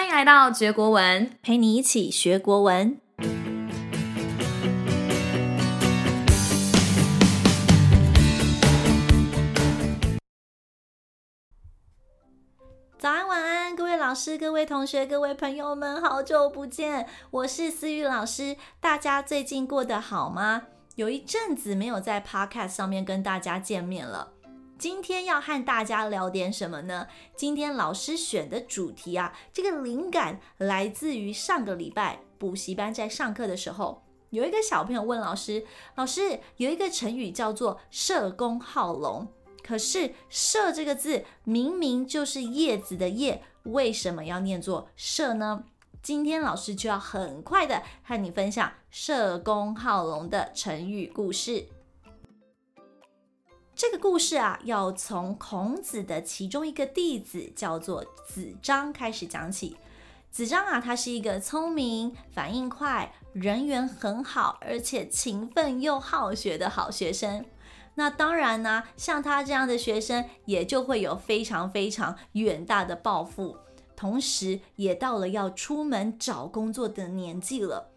歡迎來到嚼國文，陪你一起學國文。早安晚安，各位老師、各位同學、各位朋友們，好久不見，我是思予老師。大家最近過得好嗎？有一陣子沒有在 Podcast 上面跟大家見面了。今天要和大家聊點什麼呢？今天老師選的主題啊，這個靈感來自於上個禮拜補習班在上課的時候，有一個小朋友問老師：“老師，有一個成語叫做‘社公好龍’，可是‘社’這個字明明就是葉子的‘葉’，為什麼要念作‘社’呢？”今天老師就要很快的和你分享“社公好龍”的成語故事。這個故事啊，要從孔子的其中一個弟子叫做子張開始講起。子張啊，他是一個聰明、反應快、人緣很好，而且勤奮又好學的好學生。那當然呢、啊，像他這樣的學生，也就會有非常非常遠大的抱負，同時也到了要出門找工作的年紀了。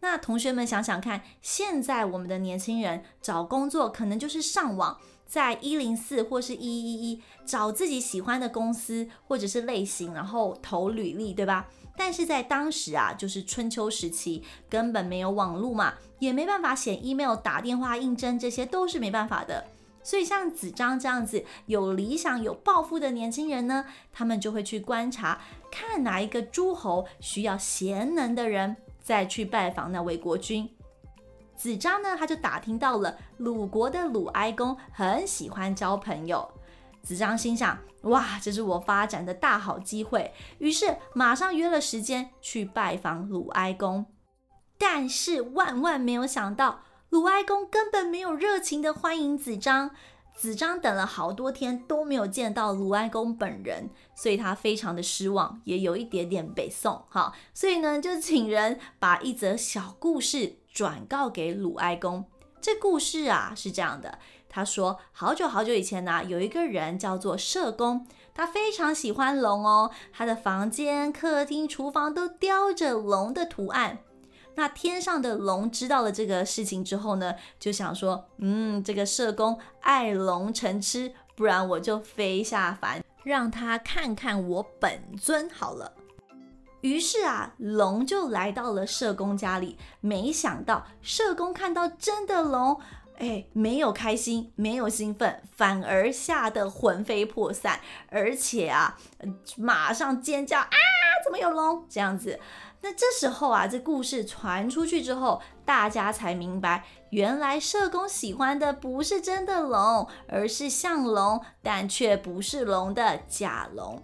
那同學們想想看，現在我們的年輕人找工作可能就是上網。在一零四或是一一一一找自己喜歡的公司或者是類型，然後投履歷，對吧？但是在當時啊，就是春秋時期，根本沒有網路嘛，也沒辦法寫 email、打電話應徵，這些都是沒辦法的。所以像子張這樣子有理想、有抱負的年輕人呢，他們就會去觀察，看哪一個諸侯需要賢能的人，再去拜訪那位國君。子張呢，他就打聽到了魯國的魯哀公很喜歡交朋友。子張心想：哇，這是我發展的大好機會。於是馬上約了時間去拜訪魯哀公。但是萬萬沒有想到，魯哀公根本沒有熱情的歡迎子張。子張等了好多天都沒有見到魯哀公本人，所以他非常的失望，也有一點點北宋哈。所以呢，就請人把一則小故事轉告給魯哀公，這故事啊是這樣的。他說，好久好久以前呢、啊，有一個人叫做葉公，他非常喜歡龍哦，他的房間、客廳、廚房都雕着龍的圖案。那天上的龍知道了這個事情之後呢，就想說，嗯，這個葉公愛龍成痴，不然我就飛下凡，讓他看看我本尊好了。於是啊，龍就來到了葉公家裡。沒想到，葉公看到真的龍，哎，沒有開心，沒有興奮，反而嚇得魂飛魄散，而且啊，馬上尖叫啊，怎麼有龍？這樣子。那這時候啊，這故事傳出去之後，大家才明白，原來葉公喜歡的不是真的龍，而是像龍但卻不是龍的假龍。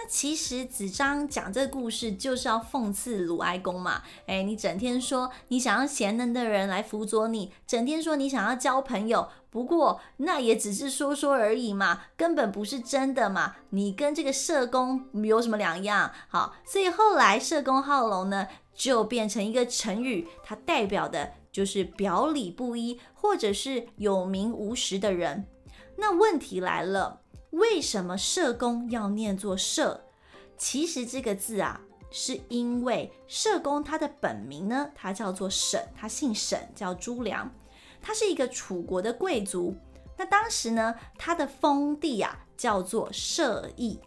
那其實子張講這個故事就是要諷刺魯哀公嘛，誒，你整天說你想要賢能的人來輔佐你，整天說你想要交朋友，不過那也只是說說而已嘛，根本不是真的嘛，你跟這個葉公有什麼兩樣？好，所以後來葉公好龍呢，就變成一個成語，它代表的就是表裡不一或者是有名無實的人。那問題來了。為什麼葉公要念作社？其實這個字啊，是因為葉公他的本名呢，他叫做沈，他姓沈，叫諸梁，他是一個楚國的貴族。那當時呢，他的封地啊叫做葉邑。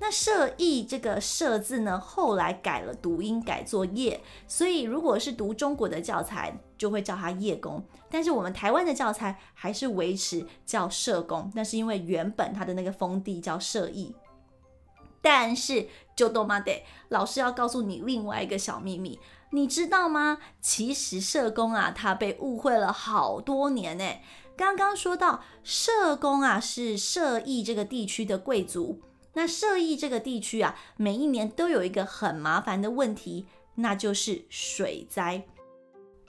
那社邑這個社字呢，後來改了讀音，改作“業”，所以如果是讀中國的教材，就會叫它葉公。但是我們台灣的教材還是維持叫社公，那是因為原本它的那個封地叫社邑。但是就都嘛得，老師要告訴你另外一個小秘密，你知道嗎？其實社公啊，他被誤會了好多年誒。剛剛說到社公啊，是社邑這個地區的貴族。那葉邑這個地區啊，每一年都有一個很麻煩的問題，那就是水災。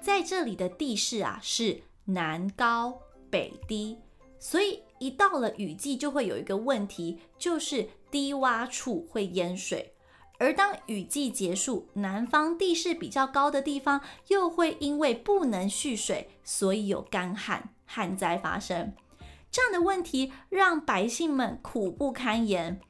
在這裡的地勢啊，是南高北低，所以一到了雨季就會有一個問題，就是低窪處會淹水，而當雨季結束，南方地勢比較高的地方又會因為不能蓄水，所以有乾旱旱災發生。這樣的問題讓百姓們苦不堪言。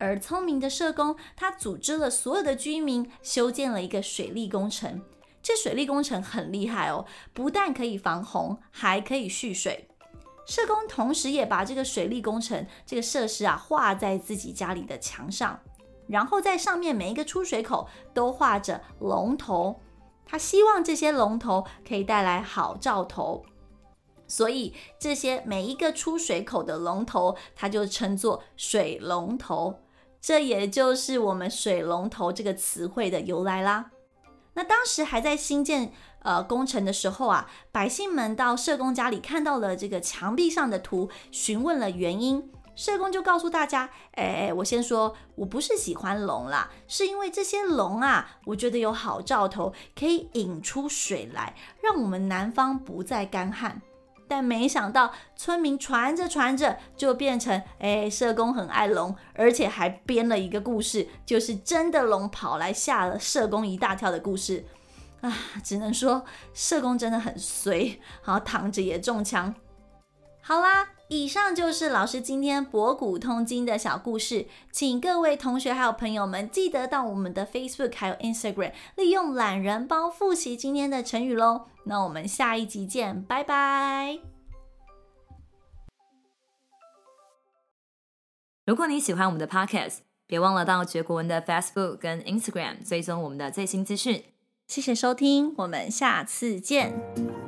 而聰明的葉公，他組織了所有的居民修建了一個水利工程。這水利工程很厲害哦，不但可以防洪，還可以蓄水。葉公同時也把這個水利工程這個設施啊畫在自己家裡的牆上，然後在上面每一個出水口都畫着龍頭。他希望這些龍頭可以帶來好兆頭，所以這些每一個出水口的龍頭他就稱作水龍頭。這也就是我們“水龍頭”這個詞彙的由來啦。那當時還在新建呃工程的時候啊，百姓們到葉公家裡看到了這個牆壁上的圖，詢問了原因，葉公就告訴大家：“哎、欸，我先說，我不是喜歡龍啦，是因為這些龍啊，我覺得有好兆頭，可以引出水來，讓我們南方不再乾旱。”但沒想到，村民傳着傳着就變成：誒、欸，葉公很愛龍，而且還編了一個故事，就是真的龍跑來嚇了葉公一大跳的故事。啊，只能說葉公真的很衰，好躺着也中槍。好啦。以上就是老師今天博古通今的小故事，請各位同學還有朋友們記得到我們的 Facebook 還有 Instagram 利用懶人包複習今天的成語嘍。那我們下一集見，拜拜！如果你喜歡我們的 Podcast，別忘了到覺國文的 Facebook 跟 Instagram 追蹤我們的最新資訊。謝謝收聽，我們下次見。